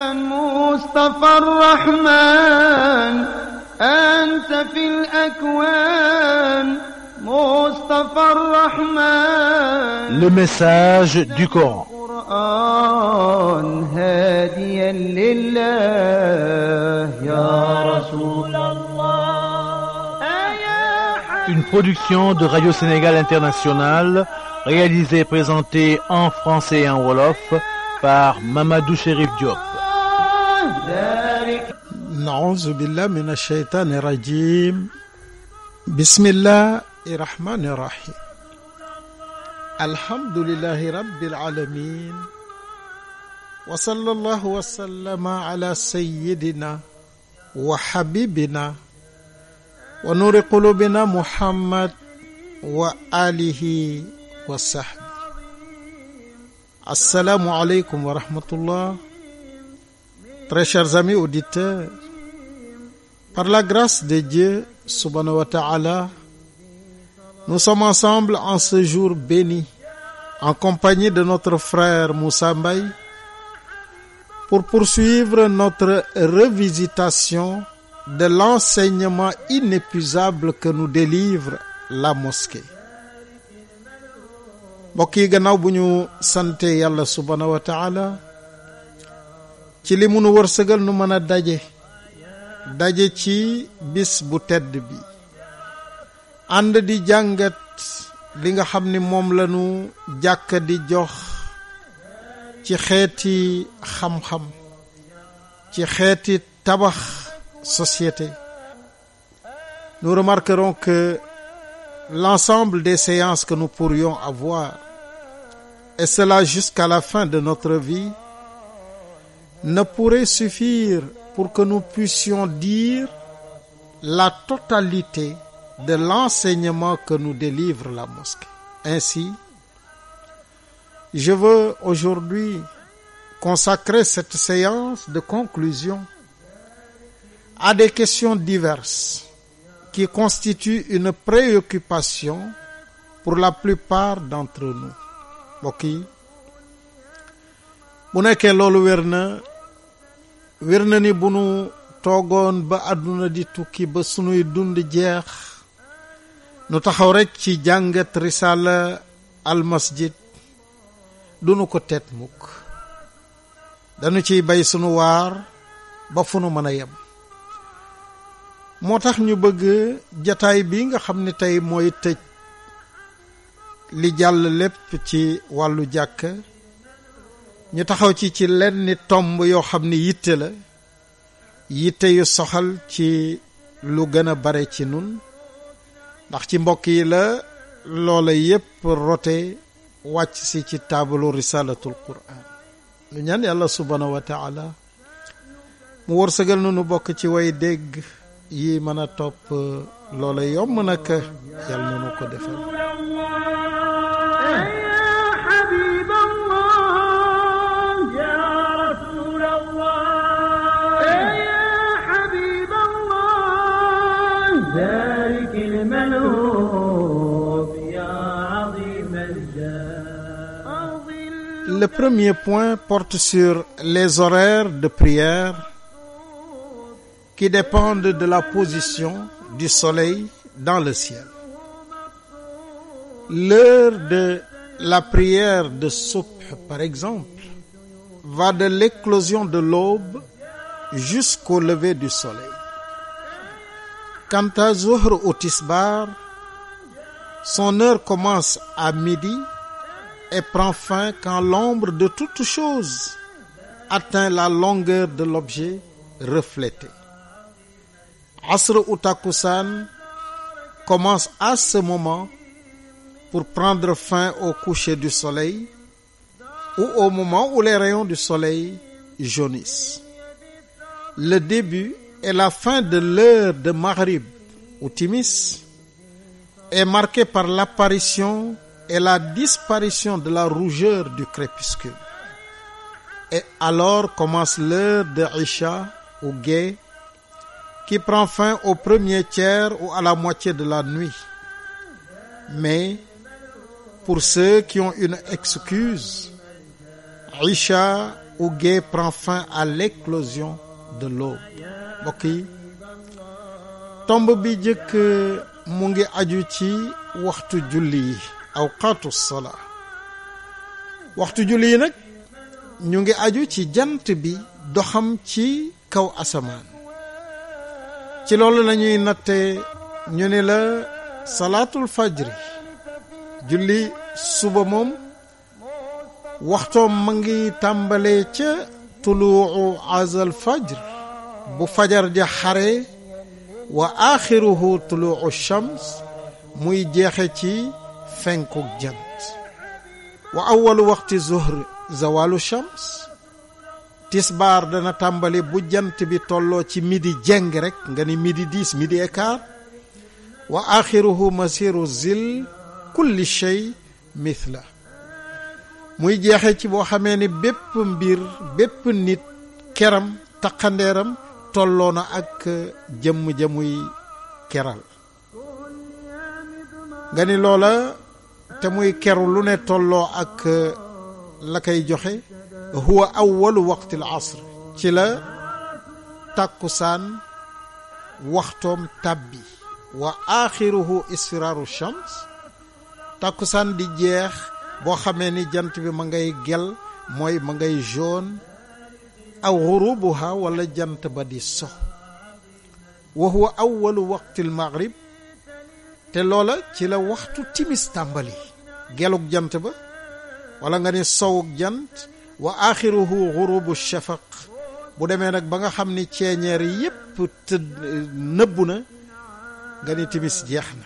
مصطفى الرحمن أنت Le message du Coran القرآن هاديا لله يا Une production de Radio Sénégal International réalisée et présentée en français et en wolof par Mamadou Chérif Diop Nauzu billah min ashaytaani rajim bismillahi rahmani rahim alhamdulillahi rabbil alamin wa sallallahu wa sallama ala sayyidina wa habibina wa nuri qulubina Muhammad wa alihi wa sahbi assalaamu aleykum wa rahmatullah Très chers amis auditeurs, Par la grâce de Dieu subhanahu wa ta'ala, nous sommes ensemble en ce jour béni, en compagnie de notre frère Moussa Mbaye, pour poursuivre notre revisitation de l'enseignement inépuisable que nous délivre la mosquée. mbokk yi gannaaw bu ñu sante yàlla subhanahu wa ta'ala ci li mu nu wërsëgal nu mën a daje daje ci bis bu tedd bi ànd di jàngat li nga xam ni moom lañu jàkka di jox ci xeeti xam-xam ci xeeti tabax société nous remarquerons que l'ensemble des séances que nous pourrions avoir et cela jusqu'à la fin de notre vie ne pourrait suffire pour que nous puissions dire la totalité de l'enseignement que nous délivre la mosquée. Ainsi, je veux aujourd'hui consacrer cette séance de conclusion à des questions diverses qui constituent une préoccupation pour la plupart d'entre nous mbokk yi wér na ni bu nu toogoon ba àdduna di tukki ba sunuy dund jeex nu taxaw rekk ci jàngat risaala almasjid du ko teet mukk dañu ciy bay sunu waar ba fu nu mën a yem moo tax ñu bëgg jataay bi nga xam ni tey mooy tëj li jàll lépp ci wàllu jàkk ñu taxaw ci ci lenn tomb yoo xam ni yitte la yitte yu soxal ci lu gën a bare ci nun ndax ci mbokk yi la loola yépp rote wàcc si ci taabalu risalatul quran ñu ñaan yàlla subhaanahu wa taala mu wërsëgal nu nu bokk ci way dégg yi mën a topp loola yomb nag yàlla nunu ko defal Le premier point porte sur les horaires de prière qui dépendent de la position du soleil dans le ciel. L'heure de la prière de Subh, par exemple, va de l'éclosion de l'aube jusqu'au lever du soleil. Quant à Zuhr ou Tisbar, son heure commence à midi et prend fin quand l'ombre de toute chose atteint la longueur de l'objet reflété. Asr ou commence à ce moment pour prendre fin au coucher du soleil ou au moment où les rayons du soleil jaunissent. Le début et la fin de l'heure de Maghrib ou Timis est marquée par l'apparition et la disparition de la rougeur du crépuscule. Et alors commence l'heure de Isha ou gué qui prend fin au premier tiers ou à la moitié de la nuit. Mais pour ceux qui ont une excuse, Isha ou gué prend fin à l'éclosion de l'aube. mbokk yi tomb bi jëkk mu ngi aju ci waxtu julli yi awqaatu salaa waxtu julli yi nag ñu ngi aju ci jant bi doxam ci kaw asamaan ci lool lañuy nattee ñu ni la salaatul fajri julli suba moom waxtoom ma ngi tàmbalee ca tuluu azal bu fajar ja xare wa aaxiruhu tuluu shams muy jeexe ci fenkuk jant wa awalu waxti zuhri zawalu shams tisbaar dana tàmbali bu jant bi tolloo ci midi jeng rek nga ni midi dix midi écart wa axiruhu masiru zil kulli shay mithla muy jeexe ci boo xamee ni bépp mbir bépp nit keram taqandeeram tolloo na ak euh, jëmm ja muy keral nga ni loola te muy keru lu ne tolloo ak euh, la koy joxe huwa awalu waqti al asr ci la tàkkusaan waxtoom tàbbi wa axiruhu isfiraaru shams tàkkusaan di jeex boo xamee ni jant bi ma ngay gel mooy ma ngay jaune aw xurubuha wala jant ba di so wa huwa awalu waqti maghrib te loola ci la waxtu timis tàmbali gelug jant ba wala nga ne sowug jant wa axiruhu xurubu shafaq bu demee nag ba nga xam ni ceeñeer yépp tëdd nëbbu na nga ni timis jeex na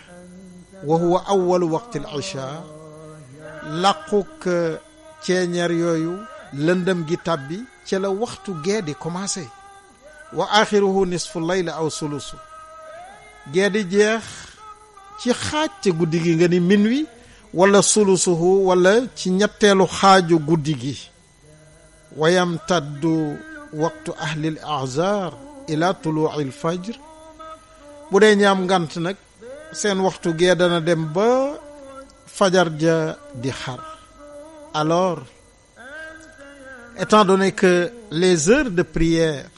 wa huwa awalu waqtil isha làquk ceeñeer yooyu lëndëm gi tàbbi ci la waxtu gee di commencé wa axiruhu nisfu layla aw sulusu gee di jeex ci xàcc guddi gi nga ni min wi wala sulusuhu wala ci ñetteelu xaaju guddi gi wa yamtaddu waxtu ahlil ahzaar ila tuluuil fajr bu dee ñaam ngant nag seen waxtu gee dana dem ba fajar ja di xar alors étant donné que les heures de prière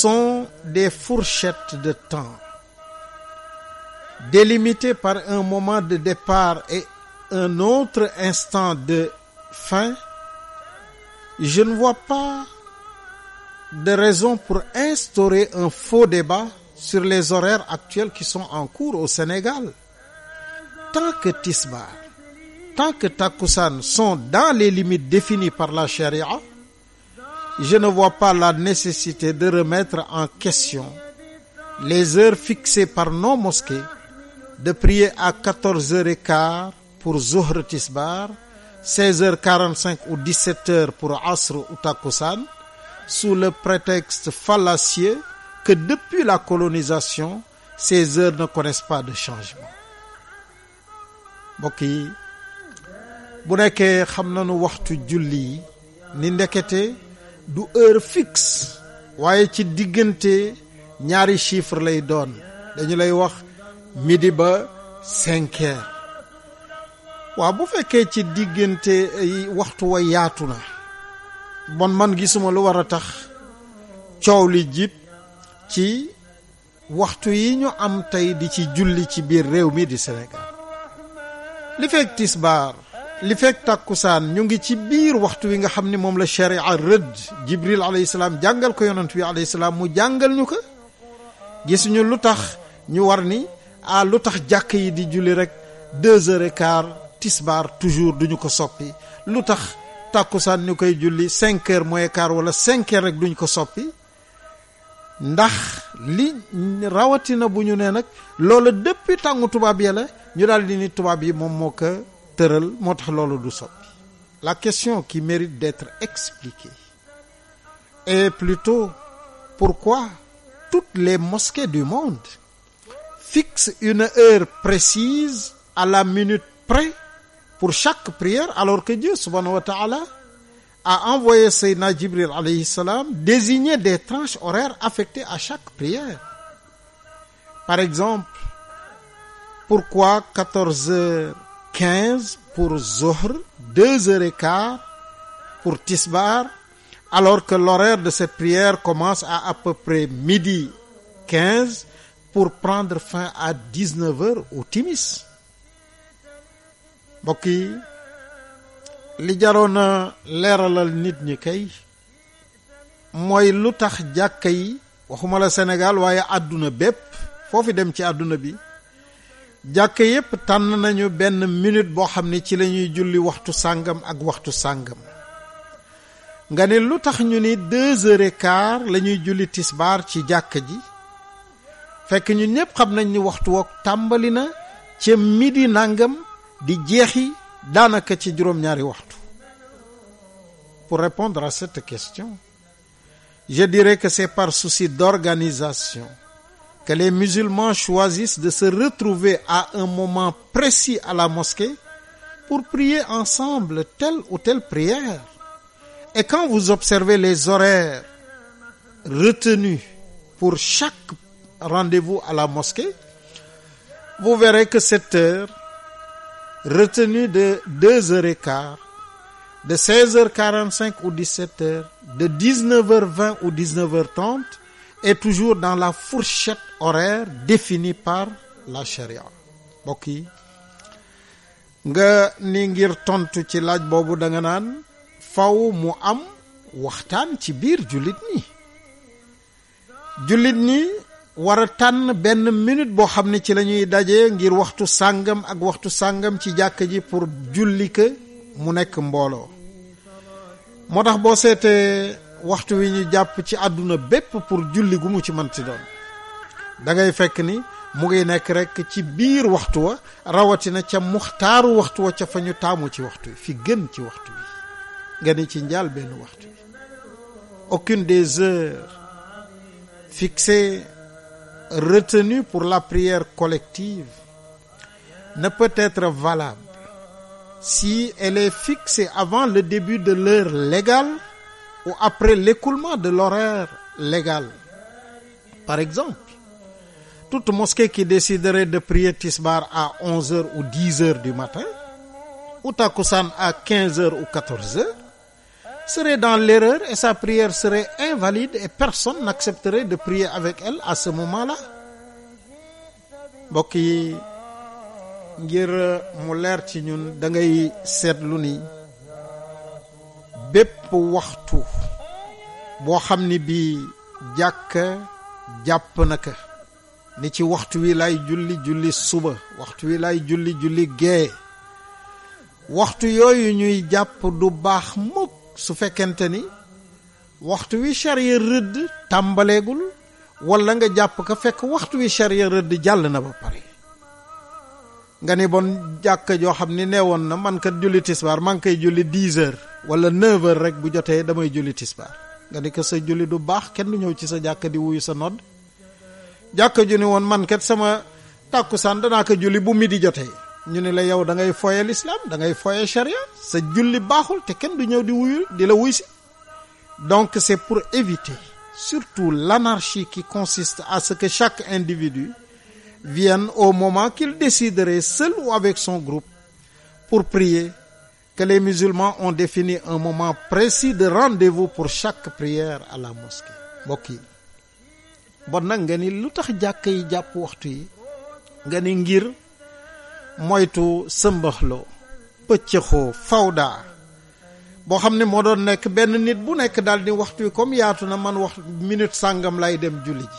sont des fourchettes de temps délimité par un moment de départ et un autre instant de fin, je ne vois pas de raison pour instaurer un faux débat sur les horaires actuels qui sont en cours au Sénégal. Tant que Tisbar, tant que Takussan sont dans les limites définies par la charia, je ne vois pas la nécessité de remettre en question les heures fixées par nos mosquées de prier à 14h15 pour Zuhr Tisbar, 16h45 ou 17h pour Asr ou Takussan, sous le prétexte fallacieux que depuis la colonisation, ces heures ne connaissent pas de changement. mbokk yi bu nekkee xam nanu waxtu julli yi ni ndekete du heure fixe waaye ci diggante ñaari chiffre lay doon dañu lay wax midi ba cinq waaw bu fekkee ci diggante waxtu wa yaatu na bon man gisuma lu war a tax coow li jib ci waxtu yi ñu am tey di ci julli ci biir réew mi di Sénégal li fekk tisbaar li fekk tàkkusaan ñu ngi ci biir waxtu wi nga xam ne moom la sharia rëdd Jibril alayhi salaam jàngal ko yonent bi alayhi salaam mu jàngal ñu ko gisuñu lu tax ñu war ni ah lu tax jàkk yi di julli rek deux heures et quart tisbaar toujours duñu ko soppi lu tax tàkkusaan ñu koy julli cinq heures moins quart wala cinq heures rek duñu ko soppi ndax li rawatina bu ñu nee nag loola depuis tàngu tubaab ya la ñu dal di ni tubaab yi moom moo ko tëral moo tax loolu du soppi la question qui mérite d'être expliquée est plutôt pourquoi toutes les mosquées du monde fixe une heure précise à la minute près pour chaque prière alors que Dieu subhanahu wa ta'ala a envoyé Sayyidina Jibril alayhi salam désigner des tranches horaires affectées à chaque prière par exemple pourquoi 14 heures 15 pour Zohr 2 heures et quart pour Tisbar alors que l'horaire de cette prière commence à à peu près midi pour prendre fin à 19 heures timis mbokk yi li jaroon na leeralal nit ñi kay mooy lu tax jàkka yi waxuma la Sénégal waaye àdduna bépp foofi dem ci àdduna bi jàkka yépp tànn nañu benn minute boo xam ne ci lañuy julli waxtu sàngam ak waxtu sàngam nga ne lu tax ñu ni deux heures et quart julli tisbaar ci jàkka ji fekk ñun ñëpp xam nañ ni waxtu woog tàmbali na ca midi nangam di jeexi daanaka ci juróom-ñaari waxtu pour répondre à cette question je dirais que c'est par souci d'organisation que les musulmans choisissent de se retrouver à un moment précis à la mosquée pour prier ensemble telle ou telle prière et quand vous observez les horaires retenus pour chaque rendez-vous à la mosquée, vous verrez que cette heure, retenue de 2 heures et quart, de 16h45 ou 17h, de 19h20 ou 19h30, est toujours dans la fourchette horaire définie par la charia. mbokk yi nga ni ngir tontu ci laaj boobu danga naan faw mu am waxtaan ci biir jullit ñi war tànn benn minute boo xam ne ci lañuy daje ngir waxtu sàngam ak waxtu sàngam ci jàkk ji pour julli ka mu nekk mbooloo moo tax boo seetee waxtu wi ñu jàpp ci àdduna bépp pour julli gu mu ci mënti doon da ngay fekk ni mu ngi nekk rekk ci biir waxtu wa rawatina ca muxtaaru waxtu wa ca fa ñu taamu ci waxtu wi fi gën ci waxtu wi nga ni ci njaal benn waxtu wi aucune des heures fixées retenu pour la prière collective ne peut être valable si elle est fixée avant le début de l'heure légale ou après l'écoulement de l'horaire légal. Par exemple, toute mosquée qui déciderait de prier Tisbar à 11 heures ou 10 heures du matin, ou Takusan à 15 heures ou 14 heures, serait dans l'erreur et sa prière serait invalide et personne n'accepterait de prier avec elle à ce moment-là mbokk yi ngir mu leer ci ñun dangay seetlu ni bépp waxtu boo xam ni bii jàkk jàpp na ka ni ci waxtu wi lay julli julli suba waxtu wi lay julli julli gee waxtu yooyu ñuy jàpp du baax mukk su fekkente ni waxtu wi charia rëdd tàmbaleegul wala nga jàpp ka fekk waxtu wi charia rëdd jàll na ba pare nga ni bon jàkk joo xam ni nee woon na man kat julli tisbaar maa koy julli dix heures wala neuf heures rek bu jotee damay julli tisbaar nga ni ko sa julli du baax kenn du ñëw ci sa jàkk di wuyu sa nodd jàkk ju ni woon man sama tàkkusaan danaa ko julli bu di jotee ñu ne la yow da ngay foye l'islam dangay foye charia sa julli baaxul te kenn du ñëw di wuyu di la wuy si donc c'est pour éviter surtout l'anarchie qui consiste à ce que chaque individu vienne au moment qu'il déciderait seul ou avec son groupe pour priyer que les musulmans ont défini un moment précis de rendez-vous pour chaque prière à la mosquée mbokk yi bon nag nga ni lu tax jàkk yi jàpp waxtu yi nga ni ngir moytu sëmbaxloo pëccëxoo fawdaa boo xam ne moo doon nekk benn nit bu nekk daal di waxtu wi comme yaatu na man wax minute sàngam lay dem julli ji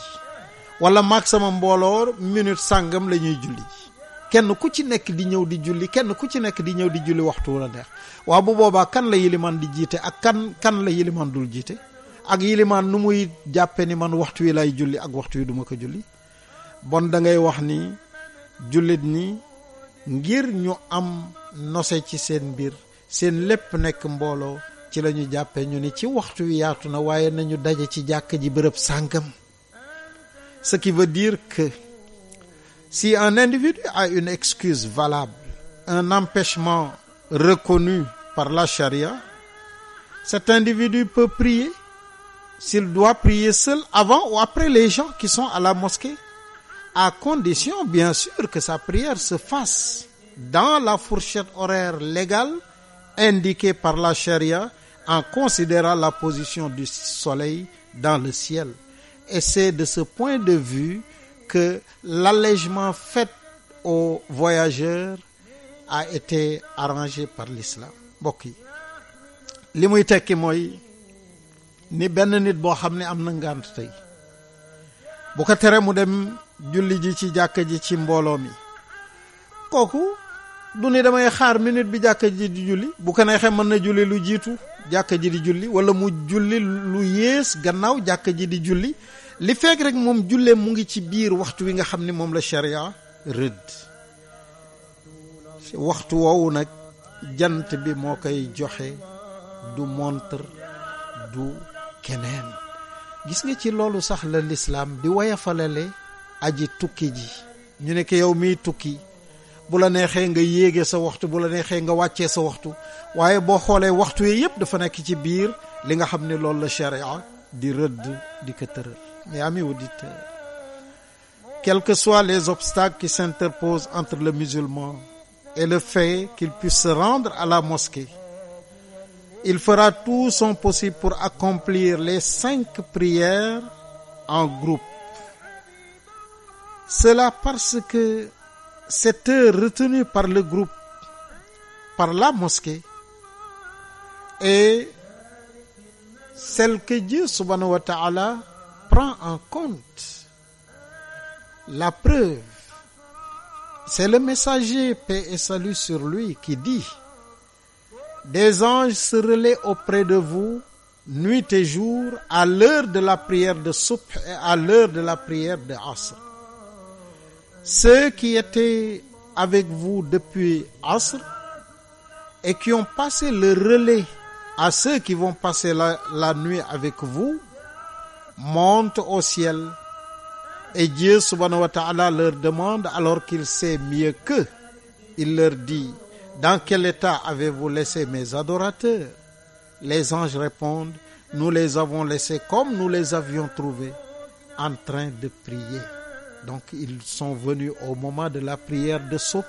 wala maag sama mbooloo minute sàngam la ñuy julli ji kenn ku ci nekk di ñëw di julli kenn ku ci nekk di ñëw di julli waxtu wu la neex waaw bu boobaa kan la yilimaan di jiite ak kan kan la yilimaan dul jiite ak yilimaan nu muy jàppe ni man waxtu wi lay julli ak waxtu wi duma ko julli bon dangay wax ni jullit ni ngir ñu am nose ci seen mbir seen lépp nekk mbooloo ci la ñu jàppe ñu ni ci waxtu wi yaatu na waaye nañu daje ci jàkk ji bërëb sàngam ce qui veut dire que si un individu a une excuse valable un empêchement reconnu par la charia cet individu peut prier s'il doit prier seul avant ou après les gens qui sont à la mosquée à condition bien sûr que sa prière se fasse dans la fourchette horaire légale indiquée par la charia en considérant la position du soleil dans le ciel. Et c'est de ce point de vue que l'allègement fait aux voyageurs a été arrangé par l'islam mbokk yi li muy tekki mooy ni benn nit boo xam ne am na ngànt tey julli ji ci jàkka ji ci mbooloo mi kooku du ni damay xaar minute bi jàkka ji di julli bu ko mën na julli lu jiitu jàkka ji di julli wala mu julli lu yées gannaaw jàkka ji di julli li fekk rek moom julle mu ngi ci biir waxtu wi nga xam ni moom la sharia rëdd waxtu woowu nag jant bi moo koy joxe du montre du keneen gis nga ci loolu sax la lislaam di wayafalale aji tukki ji ñu ne ki yow mii tukki bu la neexee nga yéegee sa waxtu bu la neexee nga wàccee sa waxtu waaye boo xoolee waxtu yi yëpp dafa nekk ci biir li nga xam ne loolu la charia di rëdd di ko tëral mais amis auditeurs quels que soient les obstacles qui s'interposent entre le musulman et le fait qu'il puisse se rendre à la mosquée il fera tout son possible pour accomplir les cinq prières en groupe Cela parce que cette heure retenue par le groupe, par la mosquée, est celle que Dieu subhanahu wa ta'ala prend en compte. La preuve, c'est le messager, paix et salut sur lui, qui dit, des anges se relaient auprès de vous nuit et jour à l'heure de la prière de soubh et à l'heure de la prière de asr. ceux qui étaient avec vous depuis Asr et qui ont passé le relais à ceux qui vont passer la, la nuit avec vous montent au ciel et Dieu subhanahu leur demande alors qu'il sait mieux qu'eux il leur dit dans quel état avez-vous laissé mes adorateurs les anges répondent nous les avons laissés comme nous les avions trouvés en train de prier Donc ils sont venus au moment de la prière de Subh.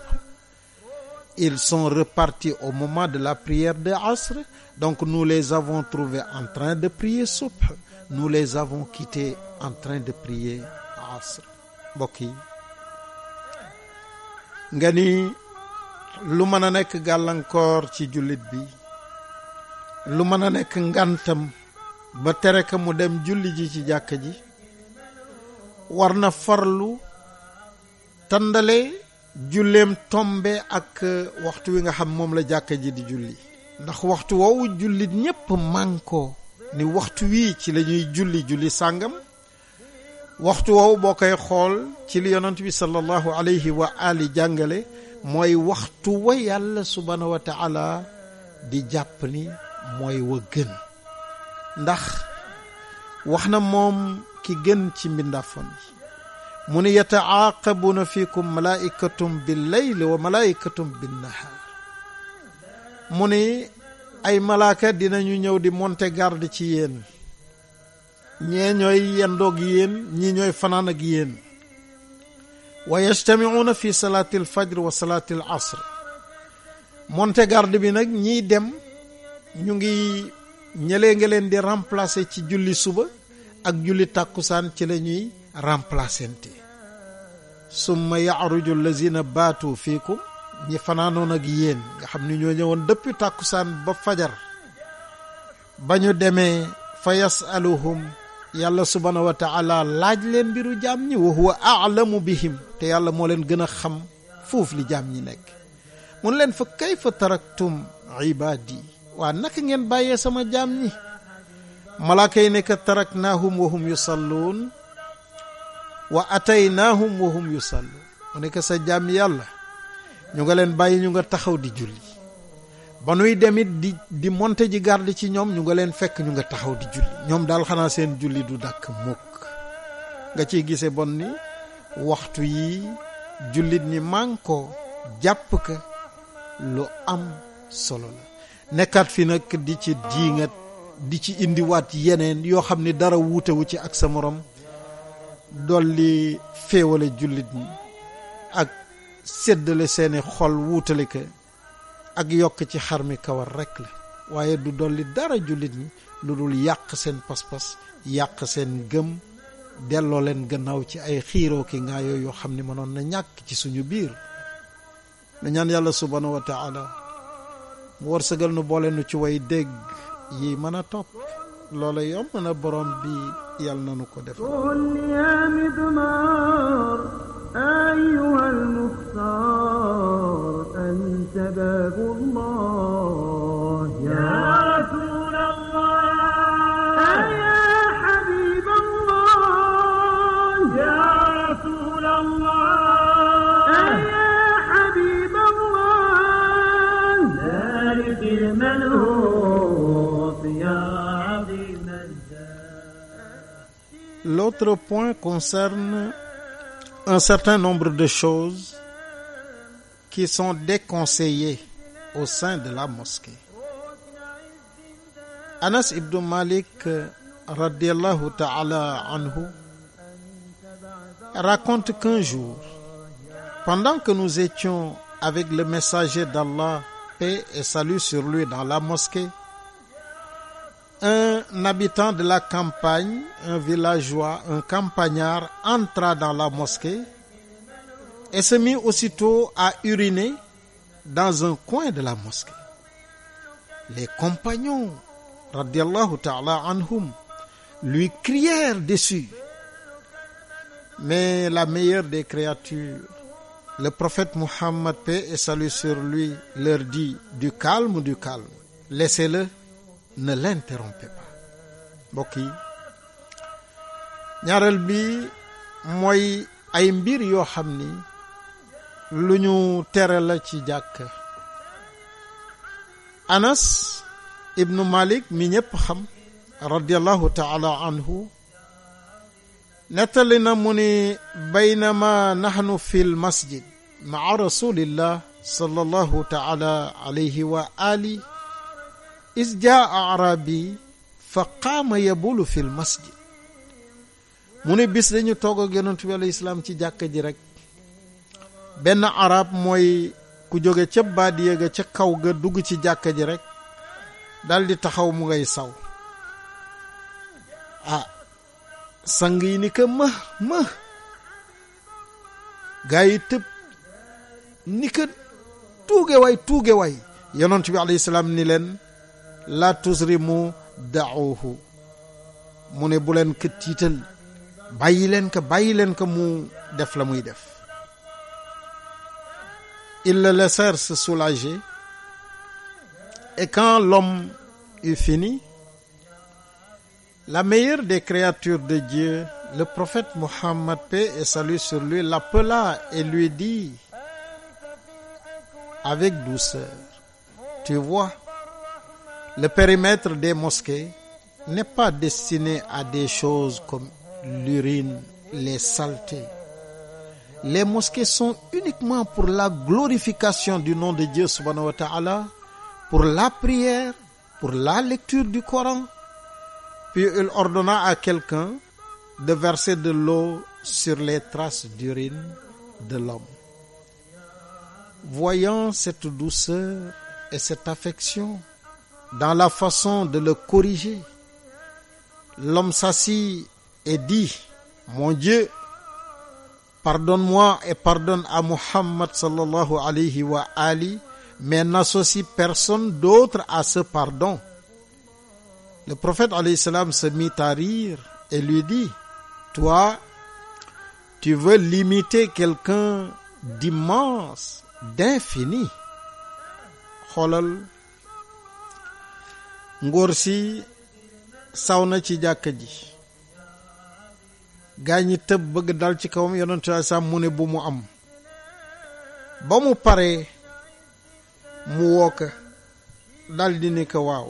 Ils sont repartis au moment de la prière de Asr. Donc nous les avons trouvés en train de prier Subh. Nous les avons quittés en train de prier Asr. Mbokk yi nga ni lu mën a nekk gàllankoor ci jullit bi lu mën a nekk ngantam ba tere ka mu dem julli ji ci jàkk ji war na farlu tàndale julleem tombe ak euh, waxtu wi nga xam moom la jàkka ji di julli ndax waxtu woowu jullit ñépp mànkoo ni waxtu wii ci la julli julli sàngam waxtu woowu boo koy xool ci li yonent bi sallallahu alayhi jàngale mooy waxtu wa yàlla subhaanahu wa taala di jàpp ni mooy wa gën ndax wax na moom ki gën ci mbindaafoon yi mu ni yataaqabuuna fiikum malaa'ikatum billayli wa malaa'ikatum mu ni ay malaaka dinañu ñëw di monter garde ci yéen ñee ñooy yendoog yéen ñii ñooy fanaan ak yéen wa yajtamicuuna fi salaati alfajr wa salaati asr monter bi nag ñiy dem ñu ngi ñëlee nga leen di remplacer ci julli suba ak julli tàkkusaan ci la ñuy remplacente summa yaaruju lazina baatu fiikum ñi fanaanoon ak yéen nga xam ni ñoo ñëwoon dëppi tàkkusaan ba fajar ba ñu demee fa yasaluhum yàlla subhaanahu wa laaj leen mbiru jaam ñi wa huwa aalamu bihim te yàlla moo leen gën a xam foofu li jaam ñi nekk mun leen fa kayfa taraktum ibaadi waa naka ngeen bàyyee sama jaam ñi malaaka yi ne tarak taraknaahum wa hum yusalluun wa ataynaahum wa hum yusalluun mu ne sa jàmm yàlla ñu nga leen bàyyi ñu nga taxaw di julli ba nuy demit di di monte ji garde ci ñoom ñu nga leen fekk ñu nga taxaw di julli ñoom daal xanaa seen julli du dakk mukk nga ciy gise bon ni waxtu yi jullit ñi mànkoo jàpp ko lu am solo la nekkaat fi nag di ci diingat di ci indiwaat yeneen yoo xam ni dara wuutewu ci ak sa morom dolli féewale jullit ñi ak séddale seeni xol wuutale ko ak yokk ci xar mi kawar rekk la waaye du dolli dara jullit ñi lu dul yàq seen pas-pas yàq seen gëm delloo leen gannaaw ci ay xiiroo ki nga yoo xam ni mënoon na ñàkk ci suñu biir nu yàlla subhaanahu wa taala mu wërsëgal nu boole nu ci way dégg yi mën a topp loola yomb na borom bi yàlla nanu ko def أيها المختار أنت باب الله L'autre point concerne un certain nombre de choses qui sont déconseillées au sein de la mosquée. Anas ibn Malik radiyallahu ta'ala anhu raconte qu'un jour, pendant que nous étions avec le messager d'Allah, paix et salut sur lui dans la mosquée, un habitant de la campagne, un villageois, un campagnard, entra dans la mosquée et se mit aussitôt à uriner dans un coin de la mosquée. Les compagnons, radiallahu ta'ala anhum, lui crièrent dessus. Mais la meilleure des créatures, le prophète Muhammad, paix et salut sur lui, leur dit, du calme, du calme, laissez-le. ne l'interrompez pas mbokk yi ñaareel bi mooy ay mbir yoo xam ni lu ñu tere la ci jàkk Anas ibnu Malik mi ñépp xam radiyallahu taala anhu nettali na mu ni baynama nahnu fi l masjid maa rasulillah sallallahu taala alayhi wa ali isjaa arabi fa qaama yabulu fil masjid mu ne bis dañu toog ak yonent bi alayhi salaam ci jàkk ji rek benn arab mooy ku jóge ca baadiya ga ca kaw ga dugg ci jàkk ji rek daldi taxaw mu ngay saw ah sang yi ni ko mëh mëh gaa yi tëb ni ko tuuge waay tuuge waay yonent salaam ni leen la tusrimu da'uhu mu ne bu leen ko tiital bàyyi leen ko bàyyi leen ko mu def la muy def ils le laissèrent se soulager et quand l'homme eut fini la meilleure des créatures de Dieu le prophète Mohammed paix et salut sur lui l'appela et lui dit avec douceur tu vois Le périmètre des mosquées n'est pas destiné à des choses comme l'urine, les saletés. Les mosquées sont uniquement pour la glorification du nom de Dieu subhanahu wa ta'ala, pour la prière, pour la lecture du Coran. Puis il ordonna à quelqu'un de verser de l'eau sur les traces d'urine de l'homme. Voyant cette douceur et cette affection, dans la façon de le corriger. L'homme s'assit et dit, Mon Dieu, pardonne-moi et pardonne à Muhammad sallallahu ali, mais n'associe personne d'autre à ce pardon. Le prophète alayhi se mit à rire et lui dit, Toi, tu veux limiter quelqu'un d'immense, d'infini. ngóor si saw na ci jàkk ji gaa ñi tëb bëgg dal ci kawam yonentu Yàlla saam mu ne bu mu am ba mu paree mu wooka daldi ne ko waaw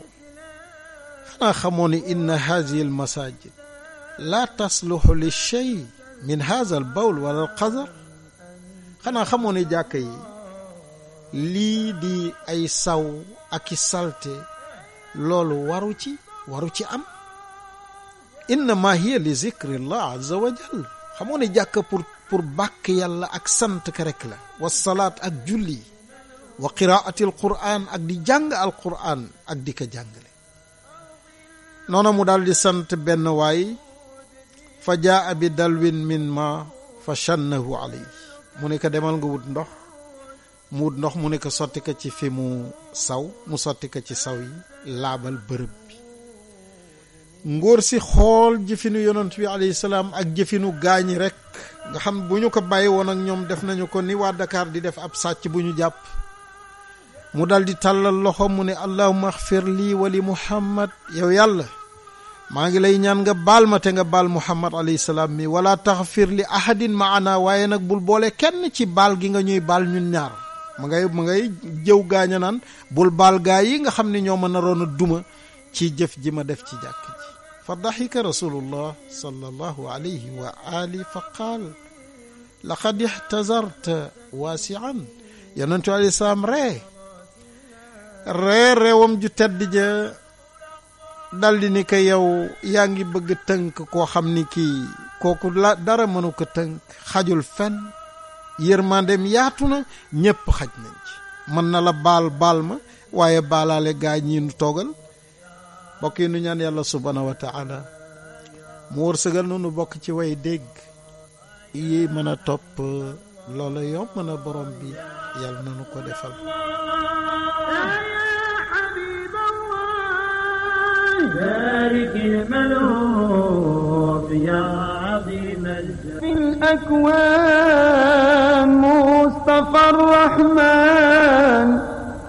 xanaa xamoo ne inna haadihi al masajid laa tasluxu li shay min haada al bawl wala al xanaa xamoo ne jàkk yi lii di ay saw ak i salte loolu waru ci waru ci am innama hiya li zikrillah azza wa jall xamoo ne jàkka pour pour bàkk yàlla ak sant ka rek la wa salaat ak julli wa qiraati al quran ak di jàng al quran ak di ko jàngale noona mu daldi sant benn waay fa jaa bi dalwin min ma fa shannahu alayhi mu ne ko demal nga wut ndox mu ndox mu ne ko sotti ko ci fi mu saw mu sotti ko ci saw yi laabal bërëb bi ngóor si xool jëfinu yonent bi alayhi salaam ak jëfinu gaañi rek nga xam bu ñu ko bàyyi woon ak ñoom def nañu ko ni waa Dakar di def ab sàcc bu ñu jàpp mu daldi di tàllal loxo mu ne allahumma axfir lii wali muhammad yow yàlla maa ngi lay ñaan nga baal ma te nga baal muhammad alayhi salaam mi wala taxfir li ahadin maana waaye nag bul boole kenn ci baal gi nga ñuy baal ñun ñaar ma ngay ma ngay jëw gaaña naan bul baal gaa yi nga xam ni ñoo ma naroon a duma ci jëf ji ma def ci jàkk ji fa daxika rasulullah sallallahu alayhi salaam ree ree reewam ju tedd ja daldi ni ko yow yaa ngi bëgg tënk koo xam ni kii kooku la dara mënu ko tënk xajul fenn yërmandeem yaatu na ñépp xaj nañ ci mën na la baal baal ma waaye baalaale gaa ñi nu toogal mbokk ñaan yàlla subhaanahu wa mu wërsëgal noonu bokk ci way dégg yi mën a topp loola yomb mën a borom bi yàlla nanu ko defal ذلك الملوك الأكوان مصطفى الرحمن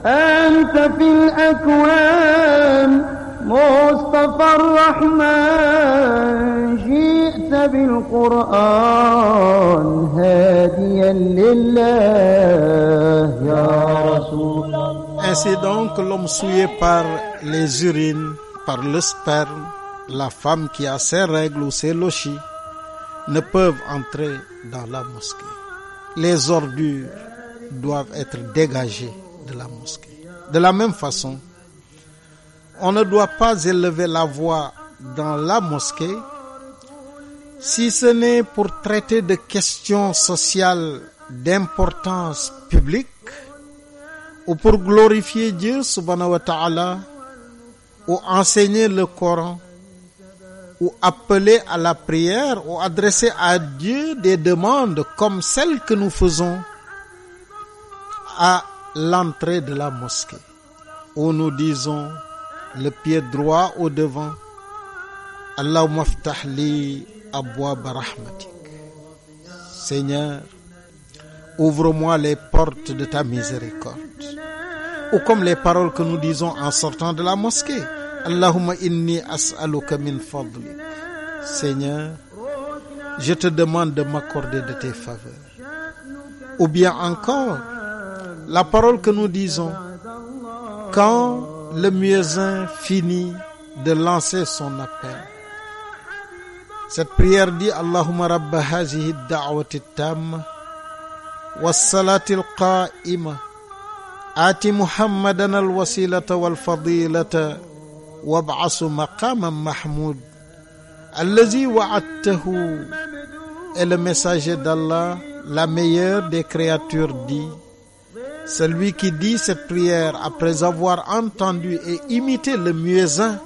أنت في الأكوان مصطفى الرحمن جئت بالقرآن هاديا لله يا رسول الله Ainsi donc l'homme par les urines, par le la femme qui a ses règles ou ses lochis ne peuvent entrer dans la mosquée. Les ordures doivent être dégagées de la mosquée. De la même façon, on ne doit pas élever la voix dans la mosquée si ce n'est pour traiter de questions sociales d'importance publique ou pour glorifier Dieu subhanahu wa ou enseigner le Coran ou appeler à la prière ou adresser à Dieu des demandes comme celles que nous faisons à l'entrée de la mosquée où nous disons le pied droit au devant Allahumma aftah li abwaaba rahmatik Seigneur ouvre-moi les portes de ta miséricorde ou comme les paroles que nous disons en sortant de la mosquée Allahumma inni as'aluka min fadlik. Seigneur, je te demande de m'accorder de tes faveurs. Ou bien encore, la parole que disons, quand le muezzin finit de lancer son appel. Cette prière dit Allahumma rabba hazihi ad-da'wati at-tamma was-salati al-qa'ima ati Muhammadan al-wasilata wal-fadilata wab'asu maqaman mahmoud allazi wa'adtahu et le messager d'Allah la meilleure des créatures dit celui qui dit cette prière après avoir entendu et imité le muezzin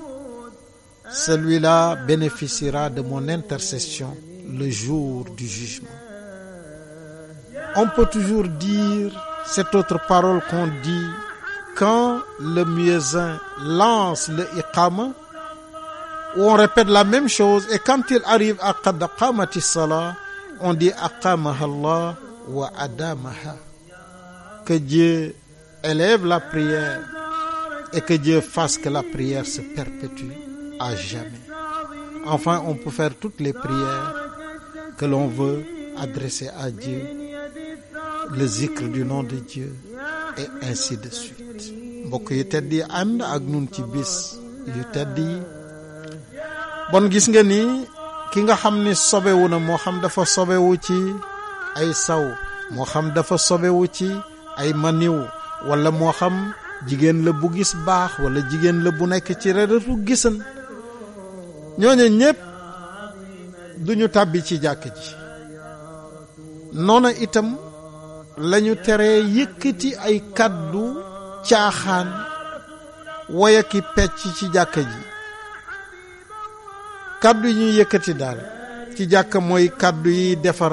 celui-là bénéficiera de mon intercession le jour du jugement on peut toujours dire cette autre parole qu'on dit quand le muezzin lance le iqama, on répète la même chose et quand il arrive à qad qamati salah, on dit aqamaha Allah wa adamaha. Que Dieu élève la prière et que Dieu fasse que la prière se perpétue à jamais. Enfin, on peut faire toutes les prières que l'on veut adresser à Dieu, le zikr du nom de Dieu et ainsi de suite. mbokk yu tedd yi ànd ak nun ci bis yu tedd yi bon gis nga ni ki nga xam ni sobewu na moo xam dafa sobewu ci ay saw moo xam dafa sobewu ci ay maniw walla moo xam jigéen la bu gis baax wala jigéen la bu nekk ci reretu gisan ñooñu ñépp duñu tàbbi ci jàkk ji noona itam lañu teree yëkkati ay kàddu caaxaan woya ki pecc ci jàkk ji kàddu yi ñuy yëkkati daal ci jàkka mooy kàddu yiy defar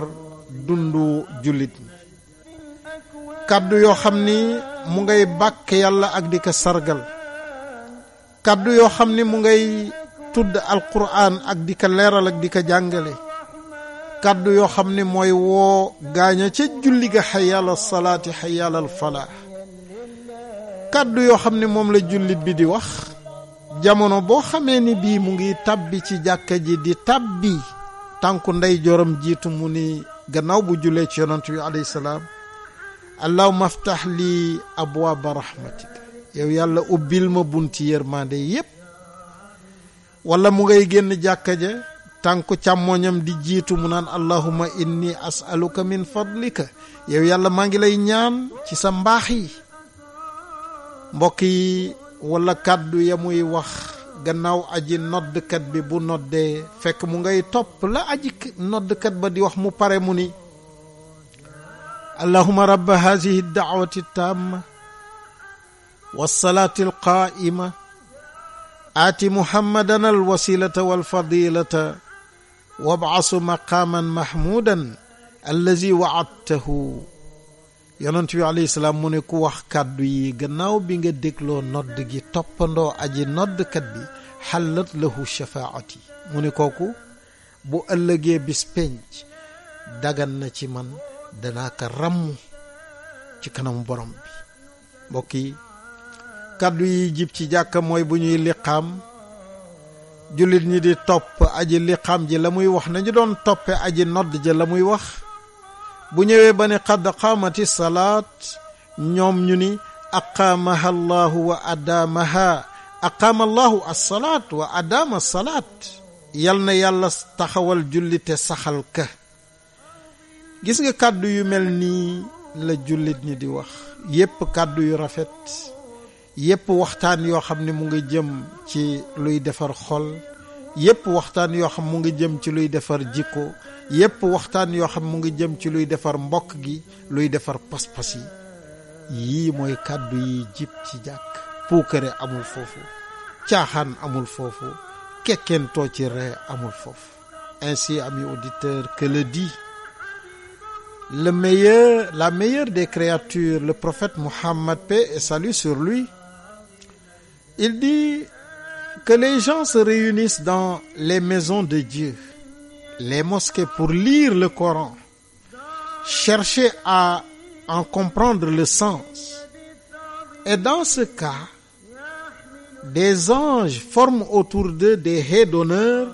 dundu jullit ñi kàddu yoo xam ni mu ngay bàkk yàlla ak di ko sargal kàddu yoo xam ni mu ngay tudd alquran ak di ko leeral ak di ko jàngale kàddu yoo xam ni mooy woo gaaña ca julli ga xay yàlla salaati xay yàlla alfalaax kàddu yoo xam ne moom la jullit bi di wax jamono boo xamee ni bii mu ngi tàbbi ci jàkka ji di tàbbi tànku ndeyjooram jiitu mu ni gannaaw bu jullee ci yonant bi alayhi salaam allahuma aftax lii abwaaba rahmatik yow yàlla ubbil ma bunti yërmande yépp wala mu ngay génn jàkka ja tànku càmmoñam di jiitu mu naan allahuma inni asaluka min fadlika yow yàlla maa ngi lay ñaan ci sa mbaax yi mbokk yi wala kàddu ya muy wax gannaaw aji noddkat bi bu noddee fekk mu ngay topp la aji noddkat ba di wax mu pare mu ni allahuma rabba haadihi daawati taama walsalaati alqaaima aati muhammadan alwasilata walfadilata wabcasu maqaaman mahmuudan allazi waadtahu yonent bi alayhi salaam mu ne ku wax kàddu yi gannaaw bi nga dégloo nodd gi toppandoo aji noddkat bi xallat lahu shafaati mu ne kooku bu ëllëgee bis penc dagan na ci man danaa ko ràmm ci kanamu borom bi mbokk yi kàddu yi jib ci jàkka mooy bu ñuy liqaam jullit ñi di topp aji liqaam ji la muy wax nañu doon toppe aji nodd ja la muy wax bu ñëwee ba ne xad qaamati salaat ñoom ñu ni aqaamaha llahu wa adaamaha aqaama llahu alsalaat wa adaama salaat yal na yàlla taxawal jullite te saxal ka gis nga kàddu yu mel nii la jullit ñi di wax yépp kàddu yu rafet yépp waxtaan yoo xam ne mu ngi jëm ci luy defar xol yépp waxtaan yoo xam mu ngi jëm ci luy defar jikko yépp waxtaan yoo xam mu ngi jëm ci luy defar mbokk gi luy defar pas-pas yi yii mooy kàddu yi jib ci jàkk puukare amul foofu caaxaan amul foofu kekkentoo ci ree amul foofu ainsi ami auditeurs que le dit le meilleur la meilleure des créatures le prophète Mohammed paix et salut sur lui il dit que les gens se réunissent dans les maisons de Dieu les mosquées pour lire le Coran, chercher à en comprendre le sens. Et dans ce cas, des anges forment autour d'eux des haies d'honneur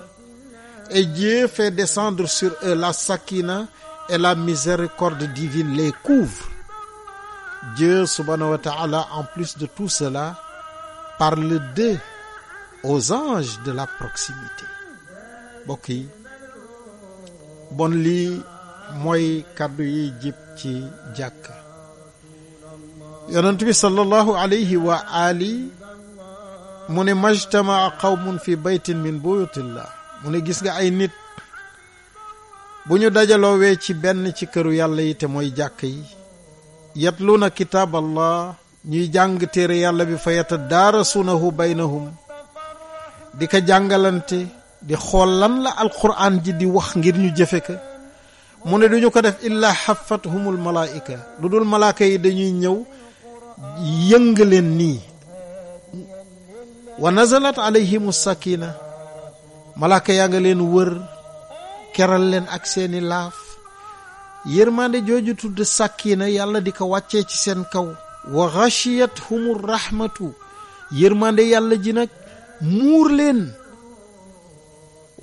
et Dieu fait descendre sur eux la sakina et la miséricorde divine les couvre. Dieu subhanahu wa en plus de tout cela, parle d'eux aux anges de la proximité. bon lii mooy kàddu yi jib ci jàkk yonent bi sallallahu alayhi wa ali mu ne majtamaa qawmun fi baytin min buyutillah mu ne gis nga ay nit bu ñu dajaloowee ci benn ci këru yàlla yi te mooy jàkk yi yatluuna kitaab allah ñuy jàng téere yàlla bi fa yatadaarasuunahu baynahum di ko jàngalante di xool lan la alquran ji di wax ngir ñu jëfe ko mu ne duñu ko def illaa xafathumul malaayika lu dul malaaka yi dañuy ñëw yëng leen nii wa nazalat alayhimu sakina malaaka yaa nga leen wër keral leen ak seeni laaf yërmande jooju tudd sakina yàlla di ko wàccee ci seen kaw wa ghashiyat humur rahmatu yërmande yàlla ji nag muur leen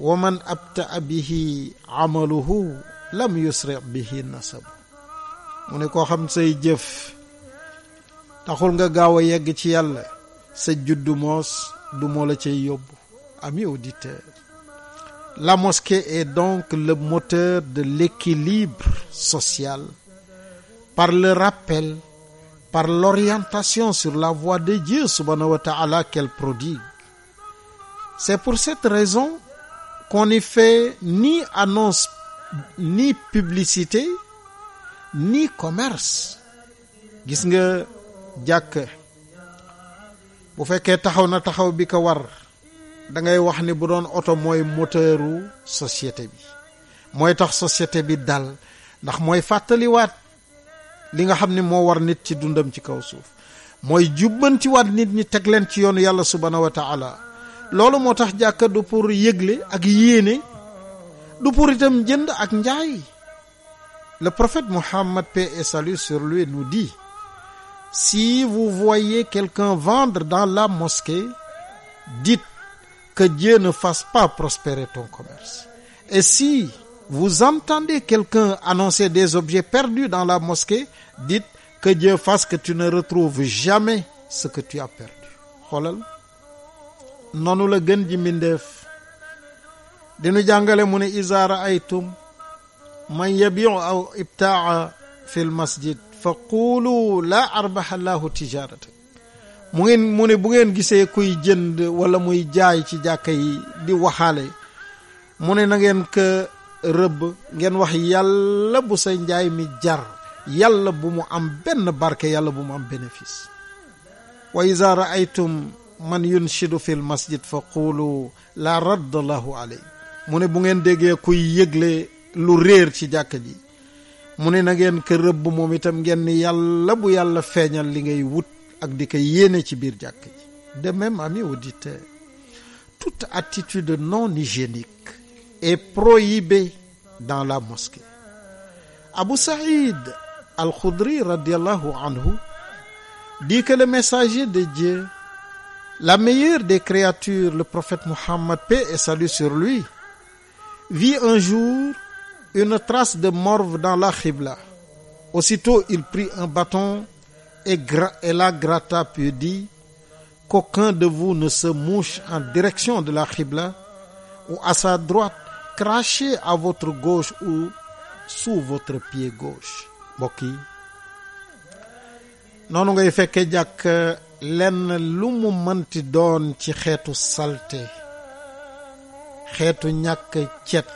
wa man abtaa bihi amaluhu lam yusri bihi nasabu mu ne koo xam say jëf taxul nga gaaw a yegg ci yàlla sa juddu moos du moo la cay yóbbu ami auditeur la mosquée est donc le moteur de l'équilibre social par le rappel par l'orientation sur la voie de Dieu subhanahu wa ta'ala qu'elle prodigue c'est pour cette raison qu'on n'y fait ni annonce, nii publicité, ni commerce gis nga jàkk bu fekkee taxaw na taxaw bi ko war da ngay wax ni bu doon oto mooy moteuru société bi mooy tax société bi dal ndax mooy fàttaliwaat li nga xam ni moo war nit ci dundam ci kaw suuf mooy jubbantiwaat nit ñi teg leen ci yoonu yàlla subhanahu wa taala loolu moo tax jàkka du pour yëgle ak yéene du pour itam jënd ak njaay le prophète Mohammed paix e salut sur lui nous dit si vous voyez quelqu'un vendre dans la mosquée dites que Dieu ne fasse pas prospérer ton commerce et si vous entendez quelqu'un annoncer des objets perdus dans la mosquée dites que Dieu fasse que tu ne retrouves jamais ce que tu as perdu noonu la gën ji mbindeef dina jàngale mu ne iza raaytum man yabiu aw ibtaa fi l masjid fa quulu laa arbaha llahu tijarata mu ngeen mu ne bu ngeen gisee kuy jënd wala muy jaay ci jàkka yi di waxaale mu ne nangeen ngeen rëbb ngeen wax yàlla bu sa njaay mi jar yàlla bu mu am benn barke yàlla bu mu am bénéfice wa ay raaytum man yunshidu fil masjid fa quulu la radd lahu aley mu ne bu ngeen déggee kuy yëgle lu réer ci jàkk ji mu ne na ngeen ko rëbb moom itam ngeen ni yàlla bu yàlla feeñal li ngay wut ak di ko yéene ci biir jàkk ji de même ami auditeur toute attitude non hygiénique est prohibée dans la mosquée Abu Saïd al-Khudri radiallahu anhu dit que messager de Dieu La meilleure des créatures, le prophète Muhammad, paix et salut sur lui, vit un jour une trace de morve dans la Qibla. Aussitôt, il prit un bâton et, gra et la gratta puis dit qu'aucun de vous ne se mouche en direction de la Qibla ou à sa droite, crachez à votre gauche ou sous votre pied gauche. lenn lu mu mënti doon ci xeetu salte xeetu ñàkk cet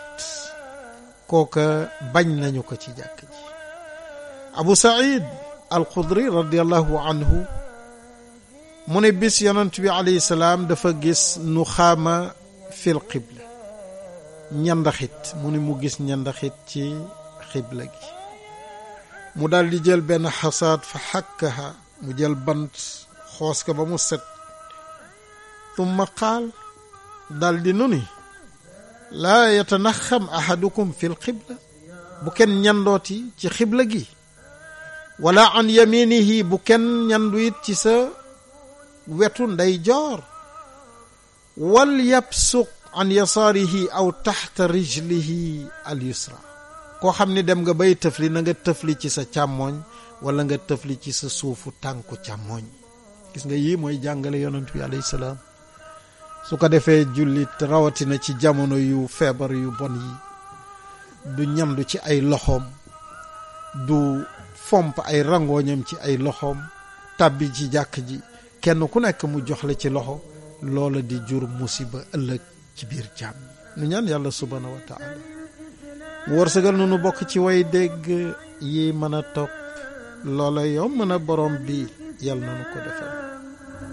kooka bañ nañu ko ci jàkk ji abu said alxudri radiallahu anhu mu ne bis yonent bi alayhi salaam dafa gis nu xaama fil xibla ñandaxit mu ne mu gis ñandaxit ci xibla gi mu daldi jël benn xasaat fa xakkaha mu jël bant xoos ko ba mu set tumma qaal daldi nu ni laa yatanaxam ahadukum fi lxibla bu kenn ñandooti ci xibla gi wala an yaminihi bu kenn ñandu ci sa wetu nday joor wal yabsuq an yasaarihi aw taxta rijlihi al yusra koo xam ni dem nga bay tëfli na nga tëfli ci sa càmmooñ wala nga tëfli ci sa suufu tànku càmmooñ gis nga yii mooy jàngale yonent bi alayhi su ko defee jullit rawatina ci jamono yu feebar yu bon yi du ñamdu ci ay loxoom du fomp ay rangooñam ci ay loxoom tàbbi ci jàkk ji kenn ku nekk mu joxle ci loxo loola di jur musiba ëllëg ci biir jàmm nu ñaan yàlla subhaanahu wa taala mu wërsëgal nu nu bokk ci way dégg yi mën a topp loola yomb na borom bi yàlla na nu ko defal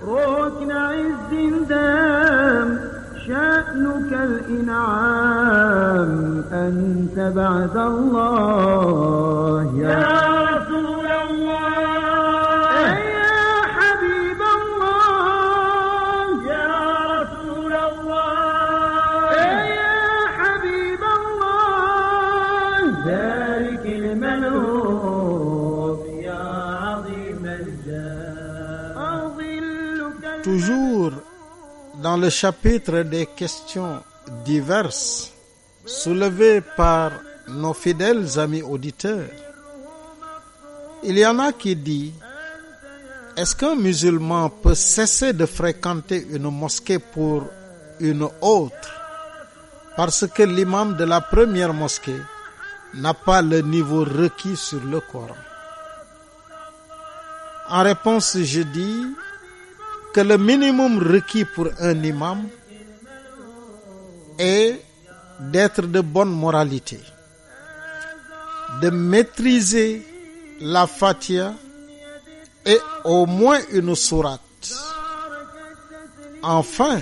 ركن عز دام شأنك الإنعام أنت بعد الله يا dans le chapitre des questions diverses soulevées par nos fidèles amis auditeurs, il y en a qui dit est-ce qu'un musulman peut cesser de fréquenter une mosquée pour une autre parce que l'imam de la première mosquée n'a pas le niveau requis sur le Coran? En réponse, je dis que le minimum requis pour un imam est d'être de bonne moralité, de maîtriser la Fatiha et au moins une sourate. Enfin,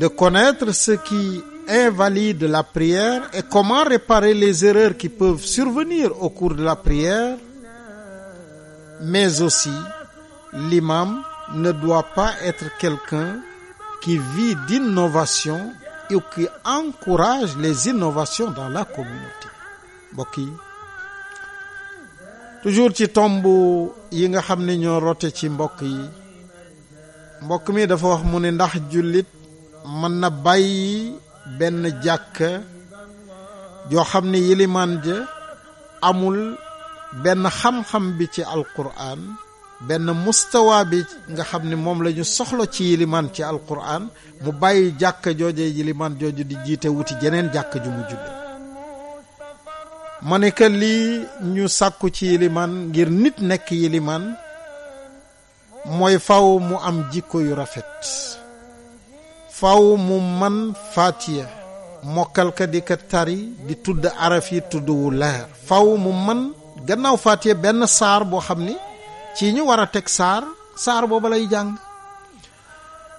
de connaître ce qui invalide la prière et comment réparer les erreurs qui peuvent survenir au cours de la prière, mais aussi l'imam ne doit pas être quelqu'un qui vit d'innovation et qui encourage les innovations dans la communauté mbokk yi toujours ci tomb yi nga xam ne ñoo rote ci mbokk yi mbokk mi dafa wax mu ne ndax jullit mën na bàyyi benn jàkk joo xam ne yilimaan ja amul benn xam-xam bi ci alquran benn mustawa bi nga xam ni moom lañu soxla ci limaan ci alquran mu bàyyi jàkk jooje ji limaan jooju di jiite wuti jeneen jàkk ju mu judd ma ne lii ñu sàkku ci yilimaan ngir nit nekk yilimaan mooy faw mu am jikko yu rafet faw mu man faatiya mokkal ka di ka tari di tudd araf yi tudd wu leer faw mu man gannaaw faatiya benn saar boo xam ni ci ñu war a teg saar saar booba lay jàng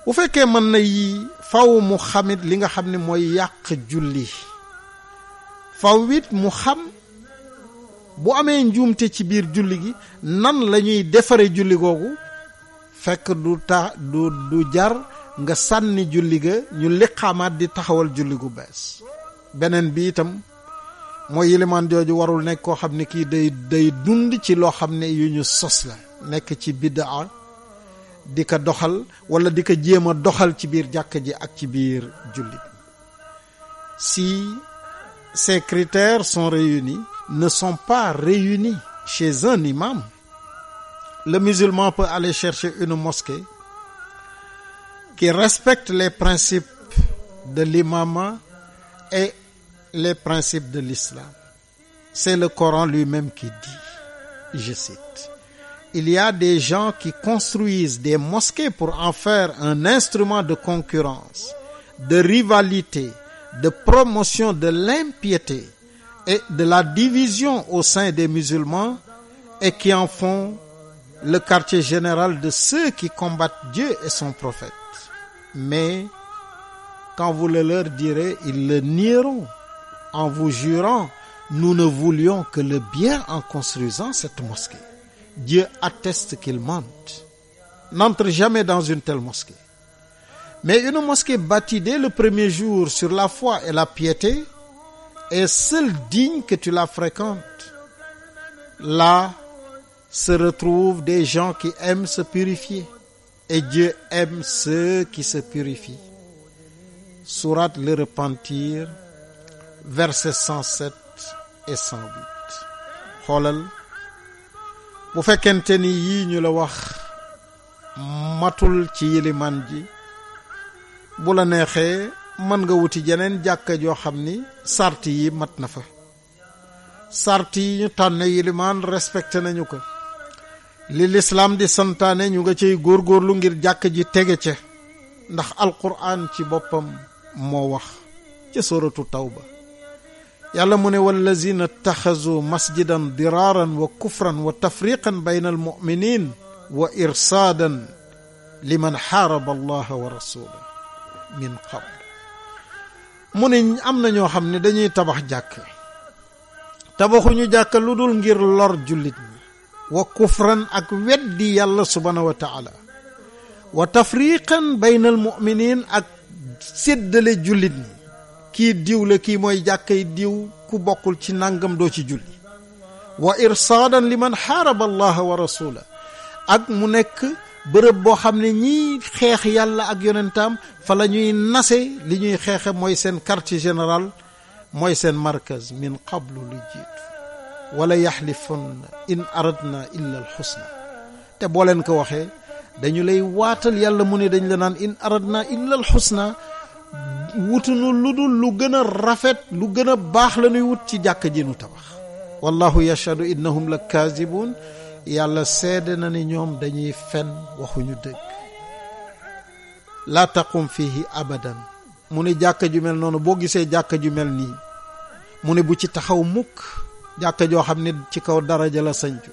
bu fekkee mën na yii faw mu xamit li nga xam ni mooy yàq julli faw it mu xam bu amee njuumte ci biir julli gi nan lañuy ñuy defare julli googu fekk du ta du du jar nga sànni julli ga ñu liqaamaat di taxawal julli gu bees beneen bi itam mooy yilimaan jooju warul nekk koo xam ne kii day day dund ci loo xam ne yu ñu sos la nekk ci biddaa di ko doxal wala di ko jéem a doxal ci biir jàkk ji ak ci biir jullit si ces critères sont réunis ne sont pas réunis chez un imam le musulman peut aller chercher une mosquée qui respecte les principes de l'imama et les principes de l'islam c'est le Coran lui-même qui dit je cite il y a des gens qui construisent des mosquées pour en faire un instrument de concurrence, de rivalité, de promotion de l'impiété et de la division au sein des musulmans et qui en font le quartier général de ceux qui combattent Dieu et son prophète. Mais quand vous le leur direz, ils le nieront en vous jurant, nous ne voulions que le bien en construisant cette mosquée. Dieu atteste qu'il mente, n'entre jamais dans une telle mosquée. Mais une mosquée bâtie dès le premier jour sur la foi et la piété est seule digne que tu la fréquentes. Là se retrouvent des gens qui aiment se purifier et Dieu aime ceux qui se purifient. Sourate Le Repentir, versets 107 et 108. xoolal bu fekkente ni yii ñu la wax matul ci yilimaan ji bu la neexee mën nga wuti jeneen jàkka joo xam ni sart yi mat na fa sart yi ñu tànn yilimaan respecté nañu ko li lislaam di santaane ñu nga ciy góorlu ngir jàkk ji tege ca ndax alquran ci boppam moo wax ca sóoratu ba yàlla mu ne wallazina taxazu masjidan diraaran wa kufran wa tafriqan bayna almuminin wa irsaadan liman xaaraba allah wa rasula mu ne am na ñoo xam ne dañuy tabax jàkk tabaxuñu jàkka lu dul ngir lor jullit ñi wa kufran ak weddi yàlla subhaanahu wa taala wa tafriqan bayna almuminin ak séddale jullit ñi kii diw la kii mooy jàkk jàkkay diw ku bokkul ci nangam doo ci julli wa irsaadan liman xaaraba allaha wa rasula ak mu nekk bërëb boo xam ne ñiy xeex yàlla ak yonentaam fa lañuy nase li ñuy xeexe mooy seen quartier général mooy seen markaz min qablu lu jiitu wala yaxlifunna in aradna illa alxusna te boo leen ko waxee dañu lay waatal yàlla mu ne dañ la naan in aradna illa alxusna wutunu lu dul lu gën a rafet lu gën a baax la wut ci jàkk ji nu tabax wallahu yashhadu innahum la kaazibun yàlla seede na ni ñoom dañuy fen waxuñu dëgg laa taqum fihi abadam mu ne jàkka ju mel noonu boo gisee jàkka ju mel nii mu ne bu ci taxaw mukk jàkka joo xam ne ci kaw daraja la sañcu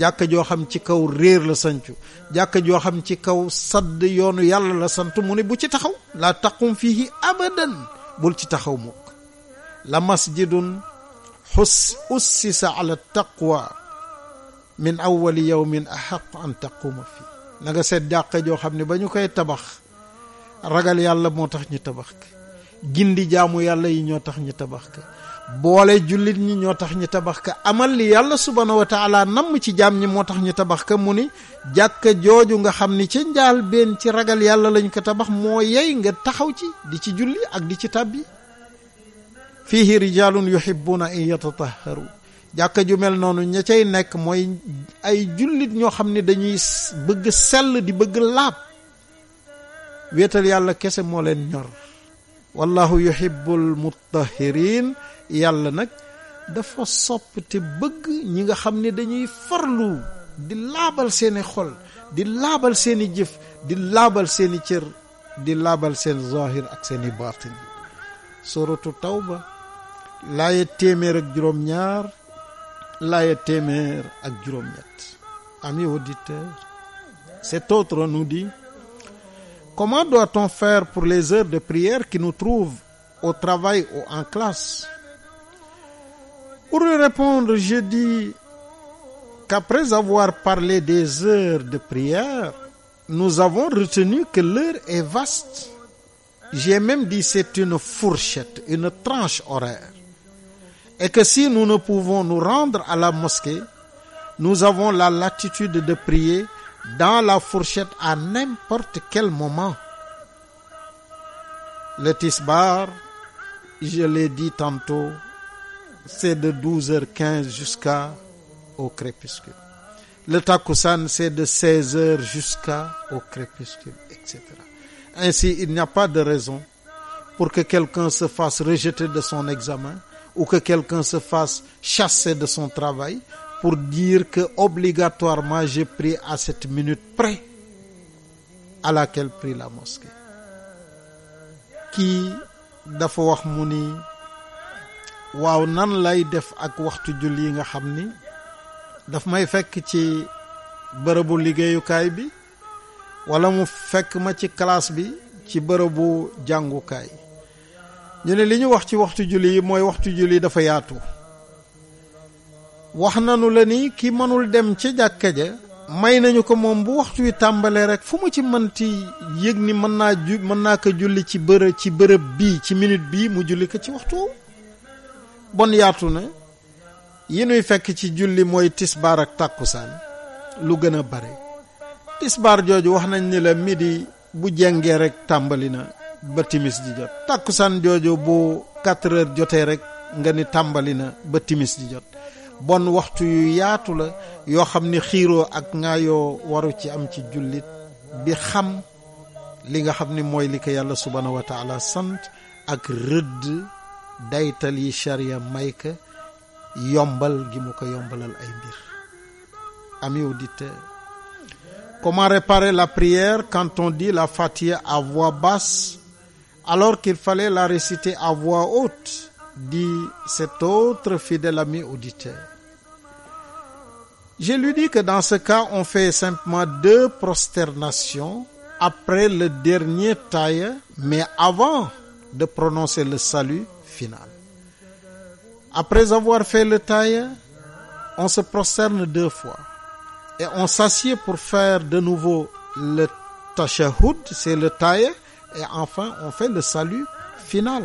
jàkka joo xam ci kaw réer la sancu jàkka joo xam ci kaw sadd yoonu yàlla la sant mu ne bu ci taxaw laa taqum fiihi abadan bul ci taxaw mukk la masjidun xus ussisa ala taqwa min awali yawmin ahaq an taquma fii na nga seet jàkka joo xam ne ba ñu koy tabax ragal yàlla moo tax ñu tabax ka gindi jaamu yàlla yi ñoo tax ñu tabax ka boole jullit ñi ñoo tax ñu tabax ka amal li yàlla subhaanahu wa namm ci jaam ñi moo tax ñu tabax ka mu ni jàkka jooju nga xam ni ci njaal benn ci ragal yàlla lañ ko tabax moo yey nga taxaw ci di ci julli ak di ci tàbbi fiihi rijalun yuhibbuna an yatatahharu jàkka ju mel noonu ña cay nekk mooy ay jullit ñoo xam ni dañuy bëgg sell di bëgg laab wéetal yàlla kese moo leen ñor wallahu yuhibbul mutahhirin yàlla nag dafa sopp te bëgg ñi nga xam ni dañuy farlu di laabal seeni xol di laabal seeni jëf di laabal seeni cër di laabal seen zahir ak seeni baatin suratu tawba laaya téeméer ak juróom-ñaar laaya téeméer ak juróom-ñett amis auditeurs cet autre nous dit comment doit-on faire pour les heures de prière qui nous trouvent au travail ou en classe Pour lui répondre, je dis qu'après avoir parlé des heures de prière, nous avons retenu que l'heure est vaste. J'ai même dit c'est une fourchette, une tranche horaire. Et que si nous ne pouvons nous rendre à la mosquée, nous avons la latitude de prier dans la fourchette à n'importe quel moment. Le tisbar, je l'ai dit tantôt, c'est de 12h15 jusqu'à au crépuscule. Le takusaan, c'est de 16h jusqu'à au crépuscule, etc. Ainsi, il n'y a pas de raison pour que quelqu'un se fasse rejeter de son examen ou que quelqu'un se fasse chasser de son travail pour dire que obligatoirement j'ai pris à cette minute près à laquelle prie la mosquée. kii dafa waaw nan lay def ak waxtu julli yi nga xam ni daf may fekk ci bërëbu liggéeyukaay bi wala mu fekk ma ci classe bi ci bërëbu jàngukaay ñu ne li ñu wax ci waxtu julli yi mooy waxtu julli dafa yaatu wax nanu la ni ki mënul dem ci jàkka ja may nañu ko moom bu waxtu wi tàmbalee rek fu mu ci mënti yëg ni mën naa ju mën naa ko julli ci bërë ci bërëb bii ci minute bii mu julli ko ci waxtu bon yaatu na yi nuy fekk ci julli mooy tisbaar ak tàkkusaan lu gën a bare tisbaar jooju wax nañ ni la midi bu jengee rek tàmbali na ba timis di jot tàkkusaan jooju bu quatre jotee rek nga ni tàmbali na ba timis di jot bon waxtu yu yaatu la yoo xam ni xiiroo ak ngaayoo waru ci am ci jullit bi xam li nga xam ni mooy li ko yàlla subhaanahu wa taala sant ak rëdd daytal yi charia yombal gi mu ko yombalal comment réparer la prière quand on dit la Fatiha à voix basse alors qu'il fallait la réciter à voix haute dit cet autre fidèle ami auditeur je lui dis que dans ce cas on fait simplement deux prosternations après le dernier taïa mais avant de prononcer le salut finale. Après avoir fait le tailleur, on se prosterne deux fois et on s'assied pour faire de nouveau le tashahhud, c'est le tailleur, et enfin on fait le salut final.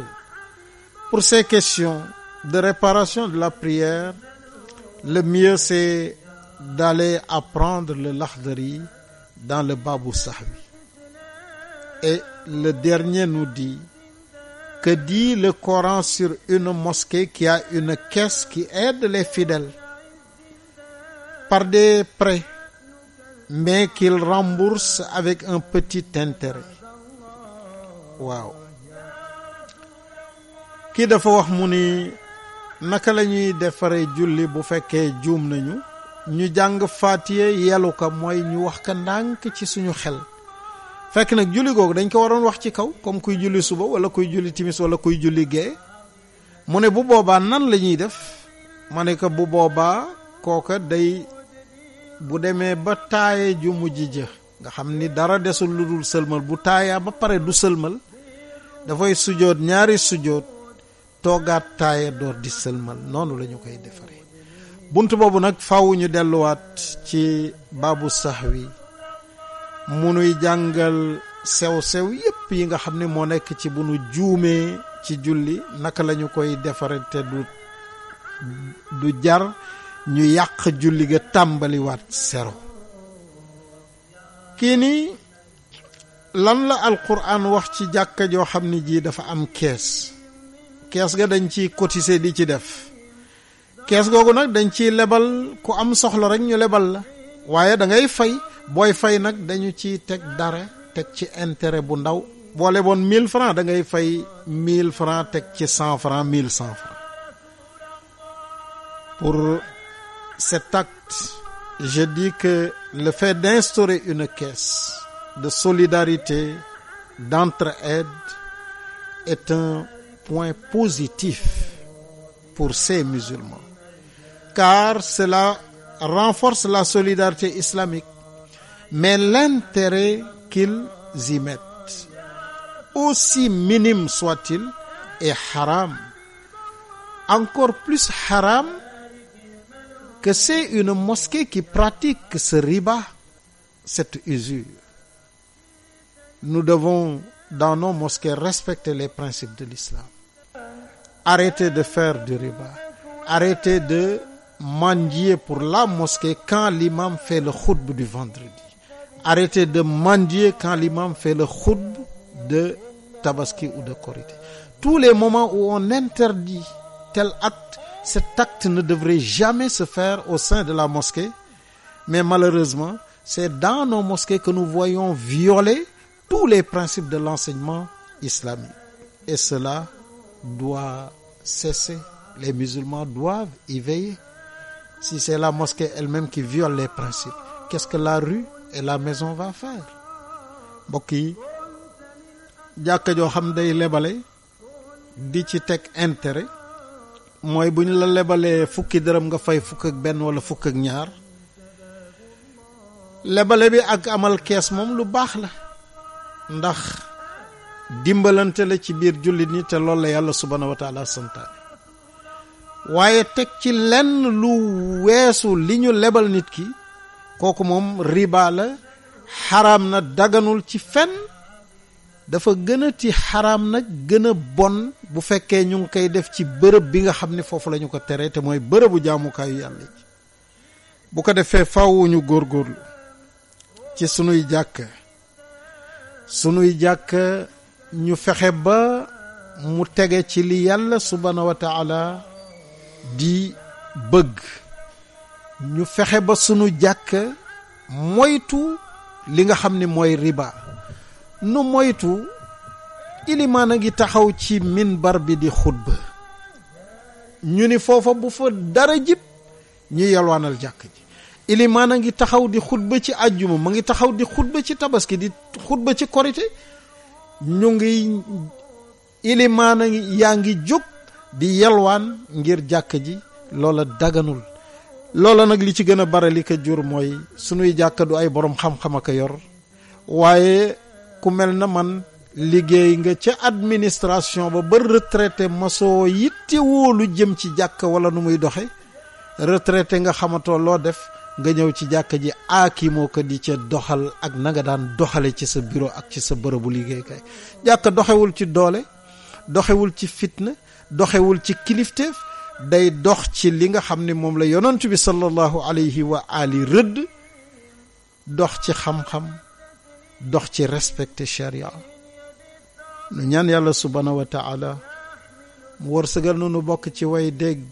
Pour ces questions de réparation de la prière, le mieux c'est d'aller apprendre le Lahdari dans le Babou Sahwi. Et le dernier nous dit Que dit le Coran sur une mosquée Waaw. Kii dafa wax mu ni naka la ñuy defaree julli bu fekkee juum nañu ñu jàng faatiye yelu ko mooy ñu wax ka ndànk ci suñu xel fekk nag julli googu dañ ko waroon wax ci kaw comme kuy julli suba wala kuy julli timis wala kuy julli gee mu ne bu boobaa nan la ñuy def ma ne ko bu boobaa kooka day bu demee ba taaye ju mujj ja nga xam ni dara desul lu dul sëlmal bu taayaa ba pare du sëlmal dafay sujoot ñaari sujoot toogaat taaye door di sëlmal noonu lañu koy defaree bunt boobu nag faaw delluwaat ci baabu sax wi mu nuy jàngal sew-sew yépp yi nga xam ni moo nekk ci bu nu juumee ci julli naka lañu koy defare te du du jar ñu yàq julli ga tàmbaliwaat sero kii ni lan la alquran wax ci jàkka joo xam ni jii dafa am kees kees ga dañ ciy cotiser di ci def kees googu nag dañ ciy lebal ku am soxla rekk ñu lebal la waaye da ngay fay booy fay nag dañu ci teg dara teg ci intéret bu ndaw boole boon mille francs da ngay fay 1000 francs teg ci 100 francs 1100 francs pour cet acte je dis que le fait d'instaurer une caisse de solidarité d'entraide est un point positif pour ces musulmans car cela renforce la solidarité islamique, mais l'intérêt qu'ils y mettent, aussi minime soit-il, est haram. Encore plus haram que c'est une mosquée qui pratique ce riba, cette usure. Nous devons, dans nos mosquées, respecter les principes de l'islam. Arrêtez de faire du riba. Arrêtez de mendier pour la mosquée quand l'imam fait le khutb du vendredi arrêtez de mandier quand l'imam fait le khutb de Tabaski ou de Korité tous les moments où on interdit tel acte cet acte ne devrait jamais se faire au sein de la mosquée mais malheureusement c'est dans nos mosquées que nous voyons violer tous les principes de l'enseignement islamique et cela doit cesser les musulmans doivent y veiller Si c'est la mosquée elle-même qui viole les principes, quest que la rue et la maison va faire mbokk yi jàkka joo xam day lebale di ci teg intérêt mooy bu ñu la lebalee fukki dërëm nga fay fukk ak benn wala fukk ak ñaar lebale bi ak amal kees moom lu baax la ndax dimbalante la ci biir jullit ñi te loolu la yàlla subhanahu wa taala santaane waaye teg ci lenn lu weesu li ñu lebal nit ki kooku moom riba la xaraam na daganul ci fenn dafa gën a ti xaraam nag gën a bon bu fekkee ñu ngi koy def ci bërëb bi nga xam ni foofu lañu ko tere te mooy bërëbu jaamukaayu yàlla bu ko defee faaw góor góorgóorlu ci suñuy jàkk sunuy jàkk ñu fexe ba mu tege ci li yàlla subhaanahu wa di bëgg ñu fexe ba sunu jàkk moytu li nga xam ni mooy ribaa nu moytu ilimaan a ngi taxaw ci min bar bi di xutba ñu ni foofa bu fa dara jib ñu yalwaanal jàkk ji ilimaan a ngi taxaw di xutba ci àjjuma ma ngi taxaw di xutba ci tabaski di xutba ci korite ñu ngi ilimaan yaa ngi jóg di yalwaan ngir jàkk ji loola daganul loola nag li ci gën a bare li ko jur mooy sunuy jàkk du ay borom xam-xam ak yor waaye ku mel na man liggéey nga ca administration ba ba retraité masoo yitte wóolu jëm ci jàkk wala nu muy doxe retraité nga xamatoo loo def nga ñëw ci jàkk ji aakimoo ko di ca doxal ak na daan doxale ci sa bureau ak ci sa bërëbu liggéeykaay jàkk doxewul ci doole doxewul ci fitna doxewul ci kilifteef day dox ci li nga xam ni moom la yonent bi sallallahu alayhi wa ali rëdd dox ci xam-xam dox ci respect charia nu ñaan yàlla subhaanahu wa taala mu wërsëgal nu nu bokk ci way dégg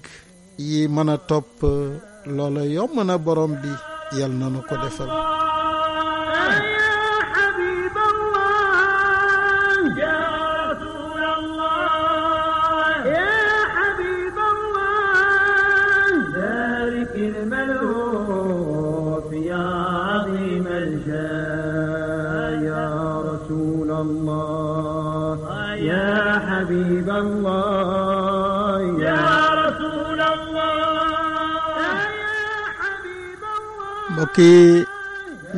yi mën a topp loola yomb na borom bi yal na nu ko defal حبيب yi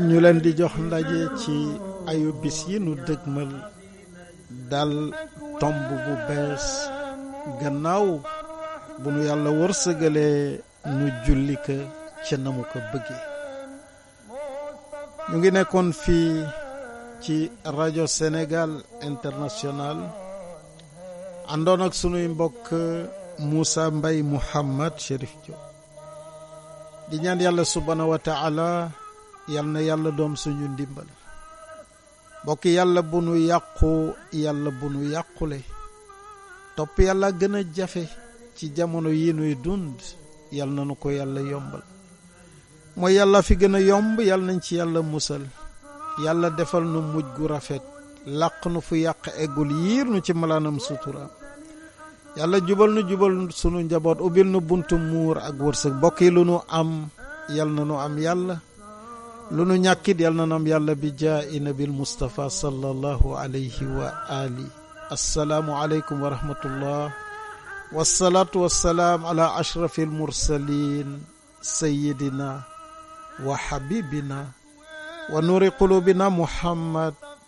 ñu leen di jox ndaje ci ayu bis yi nu dëgmal dal tomb bu bees gannaaw bu nu yàlla wërsëgalee nu julli ko ca na mu ko bëggee ñu ngi nekkoon fii ci rajo senegal international àndoon ak sunuy mbokk muusa mbay Mouhammad Chérif Diop di ñaan yàlla subhaanahu wa yal na yàlla doom suñu ndimbal mbokk yàlla bu nu yàqu yàlla bu nu yàqule topp yàlla gën a jafe ci jamono yi nuy dund yal na ko yàlla yombal mooy yàlla fi gën a yomb yal nañ ci yàlla musal yàlla defal nu mujj gu rafet làq nu fu yàq eggul yiir nu ci malaanam sutura yàlla jubal nu jubal sunu njaboot ubbil nu buntu muur ak wërsëg bokk yi lu nu am yal na nu am yàlla lu nu ñàkkit yal na nu am yàlla bi jaa'i nabil Mustafa sallallahu alayhi wa ali assalaamu aleykum wa rahmatullah wassalaatu wassalaam ala ashrafi almursalin sayidina wa habibina wa nuuri qulubina muhammad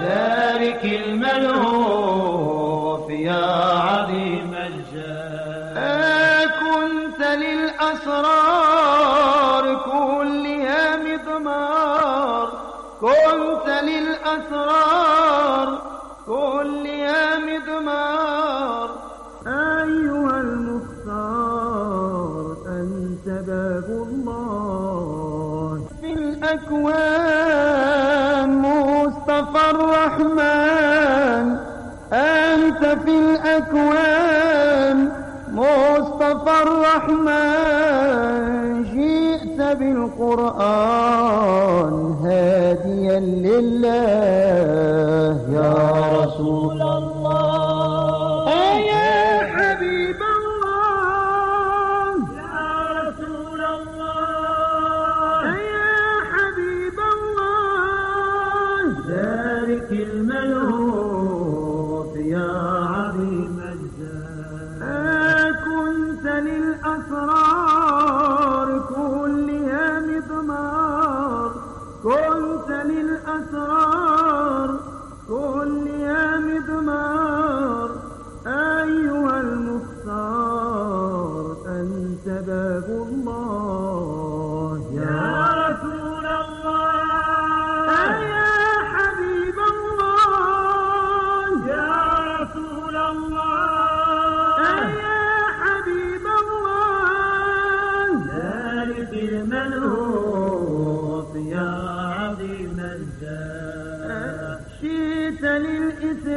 ذلك الملهوف يا عظيم الجاه آه كنت للأسرار كلها مضمار كنت للأسرار كلها مضمار أيها المختار أنت باب الله في الأكوان الرحمن أنت في الأكوان مصطفى الرحمن جئت بالقرآن هاديا لله يا رسول الله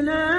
إلى